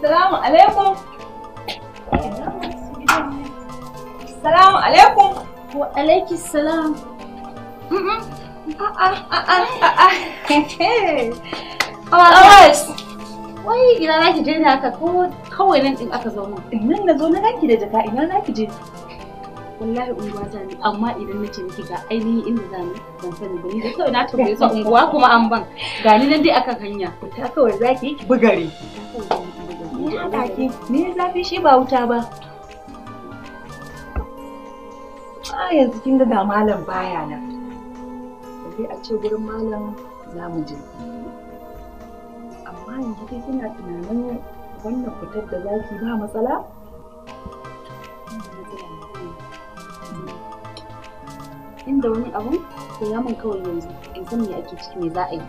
Salamu alaikum. Salamu alaikum. Wa alaiki salam. Wai ina na ki je ne haka ko kawai nan din aka zauna? Nan na zo na ganki da jaka ina na ki je. wallahi unguwa za ne, amma idan na ce miki ga ainihin inda za mu ban sani ba ni da kawai na tambaye unguwa kuma an ban ga ni nan dai akan hanya ta kawai za ki bugare haɗa ki ni zafi shi ba wuta ba a yanzu kin ga malam baya nan sai a ce gurin malam za mu je amma yanzu dai kina tunanin wannan fitar da zaki ba matsala inda wani abu ko ya mun kawai yanzu in san me ake ciki me za a yi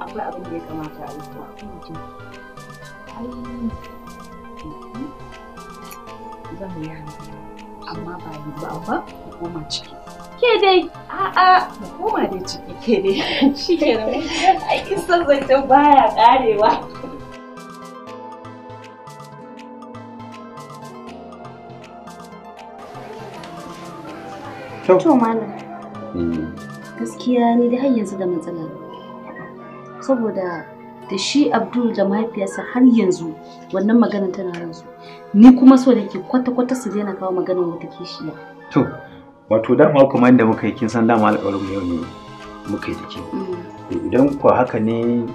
akwai abin da ya kamata a yi to amma ba ba koma ciki ke dai a'a koma dai ciki ke dai shi ke nan aikin son zancen baya karewa Kyau malam. Mm. Gaskiya ni da har yanzu da matsala. Saboda da shi abdul da mahaifiyarsa har yanzu wannan magana tana ransu ni kuma so da ke kwata-kwata su na kawo maganar wata kishiya to wato dama kuma inda muka yi kin san dama alƙawarin yau ne muka yi da ke mm. idan ku haka ne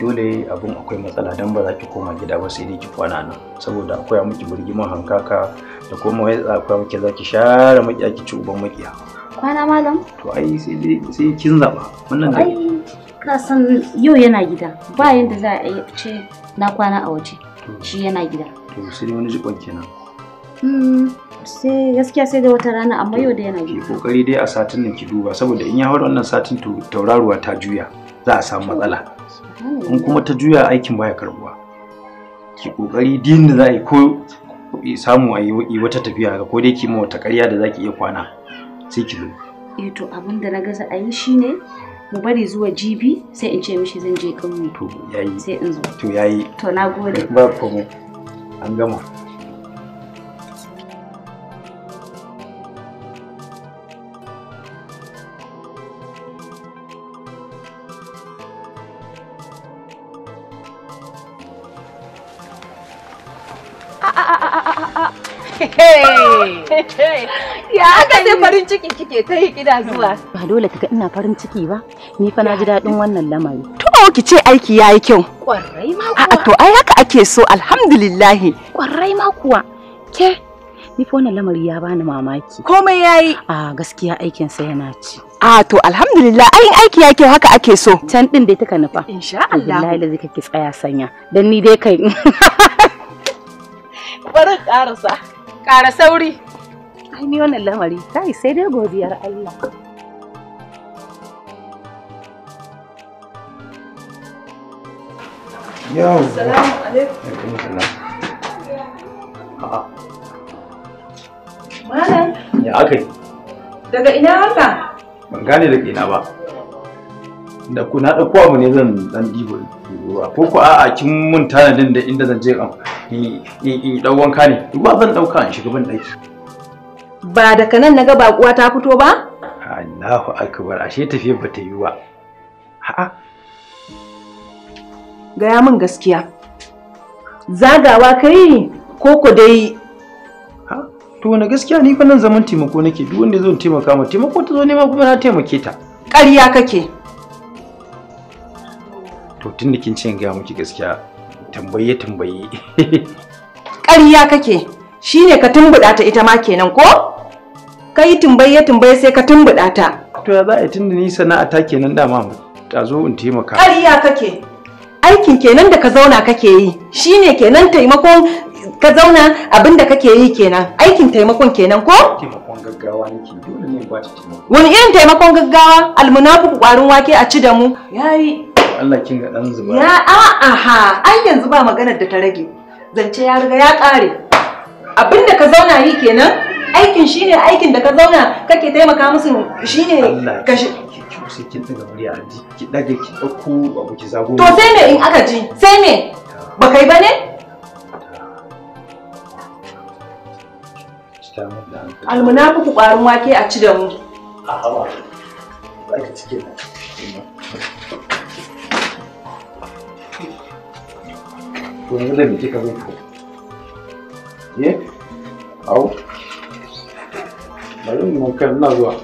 dole abin akwai matsala don ba za ki koma gida ba sai dai ki kwana nan saboda akwai miki birgiman hankaka da kuma wai akwai miki za ki share a ki ci uban maƙiya. kwana malam to ai sai kin zaba wannan da ka san yau yana gida ba yadda za a ce na kwana a waje shi yana gida to sai wani jikon kenan hmm, sai gaskiya sai da wata rana amma yau da yana gida kokari dai a satin nan ki duba saboda in ya hawo wannan satin to tauraruwa ta juya za a samu matsala in kuma ta juya aikin baya karbuwa ki kokari din da za a yi ko samu a yi wata tafiya ko dai ki mu wata ƙarya da za ki iya kwana sai ki zo eh to abin da na ga za a yi shine mu bari zuwa jibi sai in ce mishi zan je ƙauye to yayi sai in zo to yayi to na gode ba komai an gama Ya aka sai farin ciki kike ta yi gida zuwa. Ba dole ga ina farin ciki ba. Ni fa na ji daɗin wannan lamari. To ki ce aiki yayi kyau. Kwarai ma kuwa. A'a to ai haka ake so alhamdulillah. Kwarai ma kuwa. Ke ni fa wannan lamari ya bani mamaki. Komai yayi. A gaskiya aikin sa yana ci. A to alhamdulillah ayin aiki yake haka ake so. Can din dai ta nufa. Insha Allah. Allah da zika ki tsaya sanya. Dan ni dai kai. Bari karasa. Kara sauri. Ai ni wannan lamari kai sai dai godiyar Allah. Yau. Assalamu alaikum. A'a. Malam. Ya aka yi. Daga ina haka? Ban gane daga ina ba. Da ku na ɗauko abu ne zan dan dibo ruwa ko ku a'a kin mun tanadin da inda zan je in in dan wanka ne ruwa zan ɗauka in shiga ban ɗaki. Ba daga nan na ga baƙuwa ta fito ba? Allahu akbar ashe tafiyar ba ta yi ba. A'a gaya min gaskiya zagawa kai ko ku dai to wani gaskiya ni fannin zaman taimako nake duk wanda zo taimaka ma taimako ta zo ma kuma na taimake ta ƙarya kake to tun da kin ce gaya miki gaskiya tambaye tambaye ƙarya kake shine ka tumbuɗa ta ita ma kenan ko kai tumbaye tumbaye sai ka tumbuɗa ta to ya za a tunda ni sana'a ta kenan dama ta zo in taimaka ƙarya kake aikin kenan da ka zauna kake yi shine kenan taimakon ka zauna abin da kake yi kenan aikin taimakon kenan ko taimakon gaggawa dole ne ba ta wani irin taimakon gaggawa almunafu kwarin wake a ci da mu yayi Allah kin ga dan zuba ya a aha ai yanzu ba maganar da ta rage zance ya riga ya kare abin da ka zauna yi kenan aikin shine aikin da ka zauna kake taimaka musu shine ka to sai kin daga murya a ji ki daga ki dauko abu ki zago to sai me in aka ji sai me ba kai bane almunafiku ƙwarin wake a ci da mu a hawa ba ki cike na to yanzu da me kika zo ko ye au bari mu kan na zuwa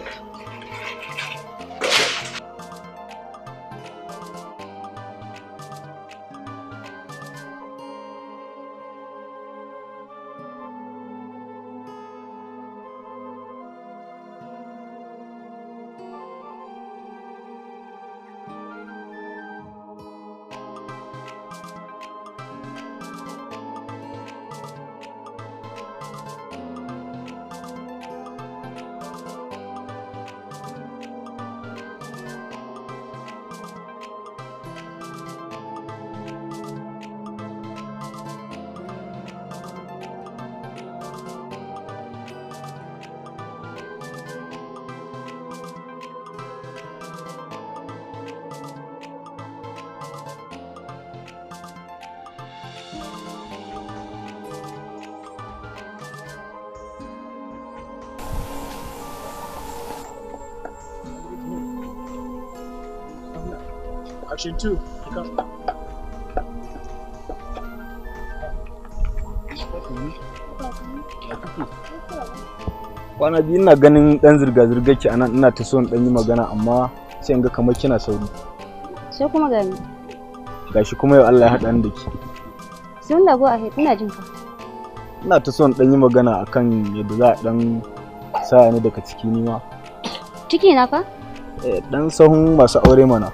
Action two. Come. Kwana biyu ina ganin ɗan zirga-zirgar ki anan ina ta so in ɗan yi magana amma sai in ga kamar kina sauri. Sai kuma gani. Gashi kuma yau Allah ya haɗa ni da ki. Sun lagu a ina jin ka. Ina ta so in ɗan yi magana akan yadda za a ɗan sa ni daga ciki ni ma. Ciki na fa? Eh ɗan sahun masu aure mana.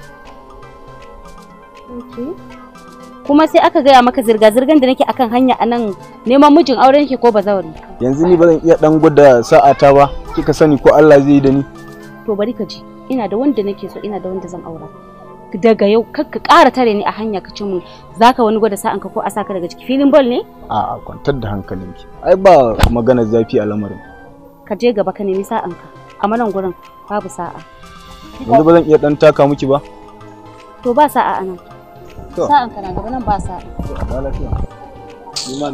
kuma sai aka gaya maka zirga-zirgan da nake akan hanya a nan neman mijin auren ki ko bazawari yanzu ni ba zan iya dan gwada sa'ata ba kika sani ko Allah zai yi da ni to bari ka ji ina da wanda nake so ina da wanda zan aura daga yau kar ka ƙara tare ni a hanya ka ce zaka wani gwada sa'an ka ko a saka daga ciki filin ball ne a a kwantar da hankalinki ai ba magana zafi a lamarin ka je gaba ka nemi sa'an ka a manan gurin babu sa'a yanzu ba zan iya dan taka miki ba to ba sa'a anan sa'an kana gaba nan ba sa ba lafiya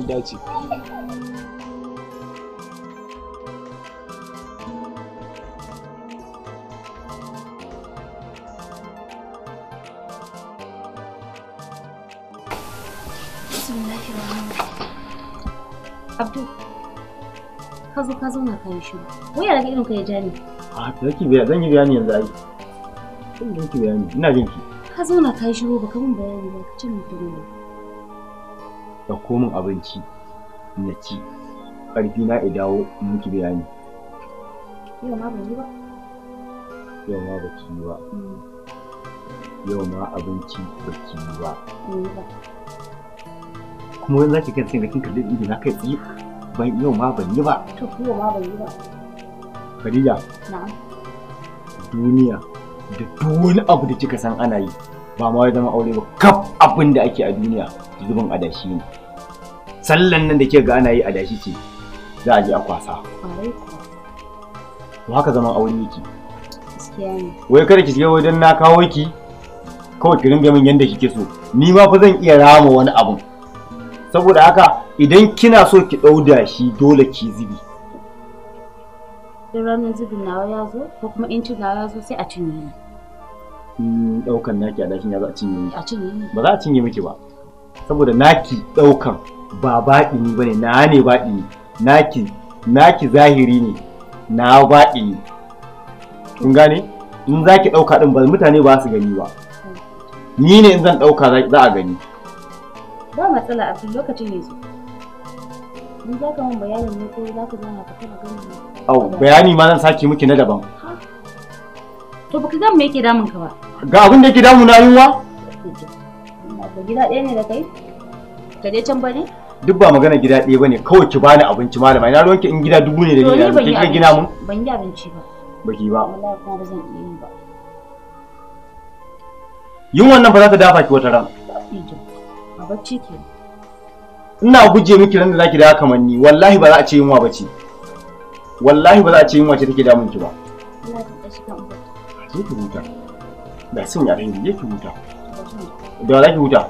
dace Abdul, ka zo ka zauna ka Waya daga irin ka ya Ah, zaki biya, zan yi bayani yanzu ai. Zan yi bayani, ina jin ki. ka zauna ka yi shiru baka min bayani ba ka ce min kare ne ɗauko min abinci na ci ƙarfi na ya dawo in miki bayani yau ma ban yi ba yau ma ba ki yi ba mm. yau ma abinci ba ki yi ba kuma wani zaki ki gan sai na kin kalli ido na kai tsaye ban yau ma ban yi ba to yau ma ban yi ba Khadija na'am duniya da wani abu da kika san ana yi ba ma zama aure ba kaf abin da ake a duniya zubin adashi ne sallan nan da kika ga ana yi adashi ce za a je a kwasa to haka zaman aure yake wai kada ki shiga wajen na kawo ki kawai ki ringa min yanda kike so ni ma fa zan iya rama wani abun saboda haka idan kina so ki ɗau shi, dole ki zubi in ranar zubin nawa ya zo ko kuma in nawa ya zo sai a cinye ni. Mm, ɗaukan naki a dakin ya za a cinye ni. a cinye ni. ba za a cinye miki ba saboda naki ɗaukan ba baɗi ni bane na ne baɗi ni naki naki zahiri ne na baɗi ni. kun gane in za ki ɗauka ɗin ba mutane ba su gani ba hmm. ni ne in zan ɗauka za a gani. ba matsala a lokacin ne zo. Ni za ka mun bayanin ne ko za ka zauna ka taba gani ne? bayani ma zan sake miki na daban. To baka gan me yake damun ka ba? Ga abin da yake damu na yunwa? Ba gida ɗaya ne da kai? Ka je can bane? Duk ba magana gida ɗaya bane kawai ki bani abinci malama ina ruwanki in gida dubu ne da ni da kika gina mun? Ban yi abinci ba. Baki ba. Wallahi kuma ba zan iya yi ba. Yunwan nan ba za ta dafa ki wata rana. Ba ba ciki. ina guje miki ran da zaki dawo kamar ni wallahi ba za a ce yunwa ba ce wallahi ba za a ce yunwa ce take damun ki ba je ki huta ba sun ya rinji je ki huta da za ki huta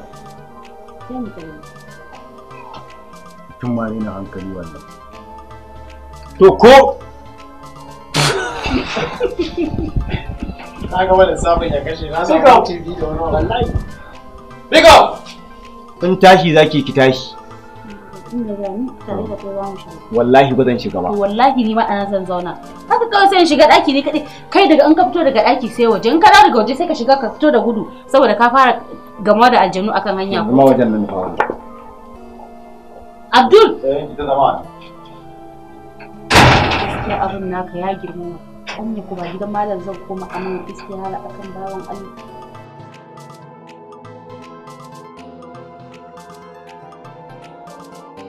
tun ma na hankali wannan to ko Na ga da sabon ya kashe na sabon TV da wani wallahi. Biko! In tashi zaki ki tashi. wallahi ba zan shiga ba wallahi ni ma a nan zan zauna haka kawai sai in shiga daki ne kadai kai daga an ka fito daga daki sai waje in ka dawo daga waje sai ka shiga ka fito da gudu saboda ka fara gamawa da aljanu akan hanya kuma wajen nan fa Abdul eh ki ta zama gaskiya abun naka ya girma anya ko ba gidan malam zan koma amma gaskiya akan bawan Allah